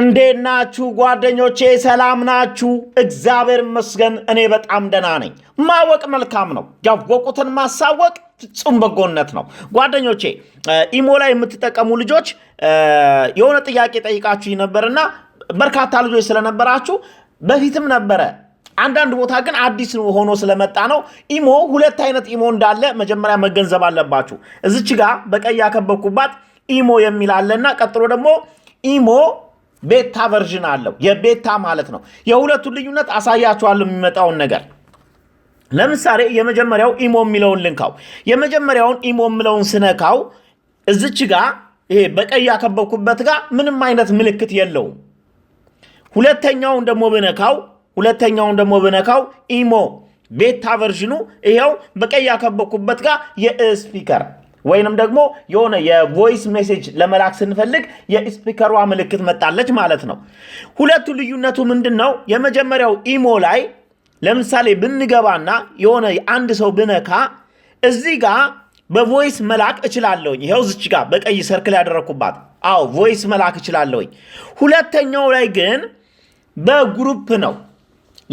እንዴት ናችሁ ጓደኞቼ? ሰላም ናችሁ? እግዚአብሔር ይመስገን እኔ በጣም ደህና ነኝ። ማወቅ መልካም ነው። ያወቁትን ማሳወቅ ፍጹም በጎነት ነው። ጓደኞቼ ኢሞ ላይ የምትጠቀሙ ልጆች የሆነ ጥያቄ ጠይቃችሁ ነበርና በርካታ ልጆች ስለነበራችሁ በፊትም ነበረ አንዳንድ ቦታ ግን አዲስ ሆኖ ስለመጣ ነው። ኢሞ ሁለት አይነት ኢሞ እንዳለ መጀመሪያ መገንዘብ አለባችሁ። እዚች ጋር በቀይ ያከበብኩባት ኢሞ የሚል አለና ቀጥሎ ደግሞ ኢሞ ቤታ ቨርዥን አለው። የቤታ ማለት ነው። የሁለቱን ልዩነት አሳያችኋለሁ የሚመጣውን ነገር ለምሳሌ የመጀመሪያው ኢሞ የሚለውን ልንካው። የመጀመሪያውን ኢሞ የሚለውን ስነካው እዚች ጋ ይሄ በቀይ ያከበብኩበት ጋ ምንም አይነት ምልክት የለውም። ሁለተኛውን ደግሞ ብነካው ሁለተኛውን ደግሞ ብነካው ኢሞ ቤታ ቨርዥኑ ይኸው በቀይ ያከበብኩበት ጋ የስፒከር ወይንም ደግሞ የሆነ የቮይስ ሜሴጅ ለመላክ ስንፈልግ የስፒከሯ ምልክት መጣለች ማለት ነው። ሁለቱ ልዩነቱ ምንድን ነው? የመጀመሪያው ኢሞ ላይ ለምሳሌ ብንገባና የሆነ አንድ ሰው ብነካ እዚህ ጋር በቮይስ መላክ እችላለሁኝ። ይኸው ዝች ጋ በቀይ ሰርክል ያደረግኩባት፣ አዎ ቮይስ መላክ እችላለሁኝ። ሁለተኛው ላይ ግን በግሩፕ ነው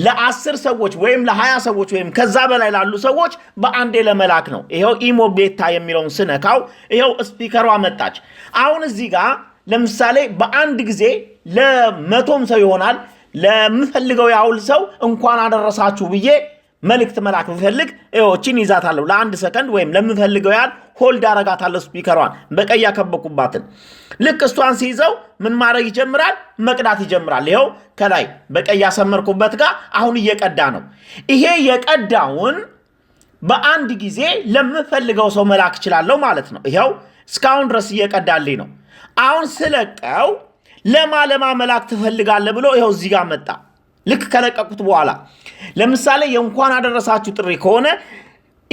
ለአስር ሰዎች ወይም ለሀያ ሰዎች ወይም ከዛ በላይ ላሉ ሰዎች በአንዴ ለመላክ ነው። ይኸው ኢሞ ቤታ የሚለውን ስነካው ይኸው ስፒከሯ መጣች። አሁን እዚህ ጋር ለምሳሌ በአንድ ጊዜ ለመቶም ሰው ይሆናል ለምፈልገው ያውል ሰው እንኳን አደረሳችሁ ብዬ መልእክት መላክ ብፈልግ ይችን ይዛታለሁ። ለአንድ ሰከንድ ወይም ለምፈልገው ያህል ሆልድ አረጋታለሁ ስፒከሯን በቀይ ያከበኩባትን። ልክ እሷን ሲይዘው ምን ማድረግ ይጀምራል? መቅዳት ይጀምራል። ይኸው ከላይ በቀይ ያሰመርኩበት ጋር አሁን እየቀዳ ነው። ይሄ የቀዳውን በአንድ ጊዜ ለምፈልገው ሰው መላክ እችላለሁ ማለት ነው። ይኸው እስካሁን ድረስ እየቀዳልኝ ነው። አሁን ስለቀው ለማ ለማ መላክ ትፈልጋለህ ብሎ ይኸው እዚህ ጋር መጣ። ልክ ከለቀቁት በኋላ ለምሳሌ የእንኳን አደረሳችሁ ጥሪ ከሆነ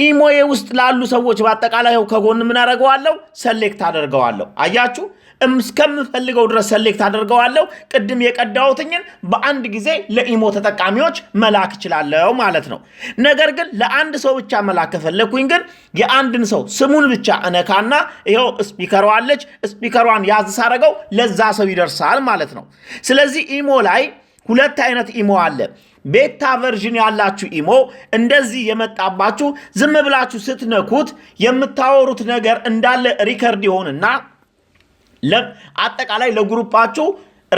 ኢሞዬ ውስጥ ላሉ ሰዎች በአጠቃላይ ከጎን ምን አደርገዋለሁ? ሰሌክት አደርገዋለሁ። አያችሁ እስከምፈልገው ድረስ ሰሌክት አደርገዋለሁ። ቅድም የቀዳሁትኝን በአንድ ጊዜ ለኢሞ ተጠቃሚዎች መላክ እችላለሁ ማለት ነው። ነገር ግን ለአንድ ሰው ብቻ መላክ ከፈለግኩኝ ግን የአንድን ሰው ስሙን ብቻ እነካና ይኸው ስፒከሯ አለች። ስፒከሯን ያዝ ሳረገው ለዛ ሰው ይደርሳል ማለት ነው። ስለዚህ ኢሞ ላይ ሁለት አይነት ኢሞ አለ። ቤታ ቨርዥን ያላችሁ ኢሞ እንደዚህ የመጣባችሁ ዝም ብላችሁ ስትነኩት የምታወሩት ነገር እንዳለ ሪከርድ ይሆንና አጠቃላይ ለግሩፓችሁ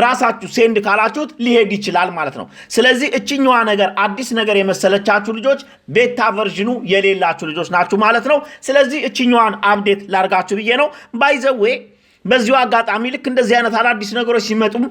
ራሳችሁ ሴንድ ካላችሁት ሊሄድ ይችላል ማለት ነው። ስለዚህ እችኛዋ ነገር አዲስ ነገር የመሰለቻችሁ ልጆች ቤታ ቨርዥኑ የሌላችሁ ልጆች ናችሁ ማለት ነው። ስለዚህ እችኛዋን አፕዴት ላርጋችሁ ብዬ ነው ባይዘዌ በዚሁ አጋጣሚ ልክ እንደዚህ አይነት አዳዲስ ነገሮች ሲመጡም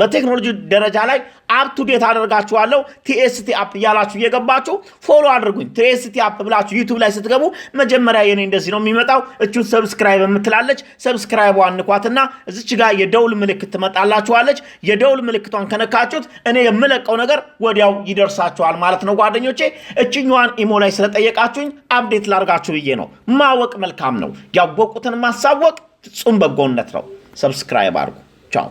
በቴክኖሎጂ ደረጃ ላይ አፕቱዴት አደርጋችኋለሁ። ቲኤስቲ አፕ እያላችሁ እየገባችሁ ፎሎ አድርጉኝ። ቲኤስቲ አፕ ብላችሁ ዩቱብ ላይ ስትገቡ መጀመሪያ የኔ እንደዚህ ነው የሚመጣው። እቹን ሰብስክራይብ የምትላለች ሰብስክራይብ አንኳትና እዚች ጋር የደውል ምልክት ትመጣላችኋለች። የደውል ምልክቷን ከነካችሁት እኔ የምለቀው ነገር ወዲያው ይደርሳችኋል ማለት ነው ጓደኞቼ። እችኛዋን ኢሞ ላይ ስለጠየቃችሁኝ አፕዴት ላርጋችሁ ብዬ ነው። ማወቅ መልካም ነው፣ ያወቁትን ማሳወቅ ፍጹም በጎነት ነው። ሰብስክራይብ አድርጉ። ቻው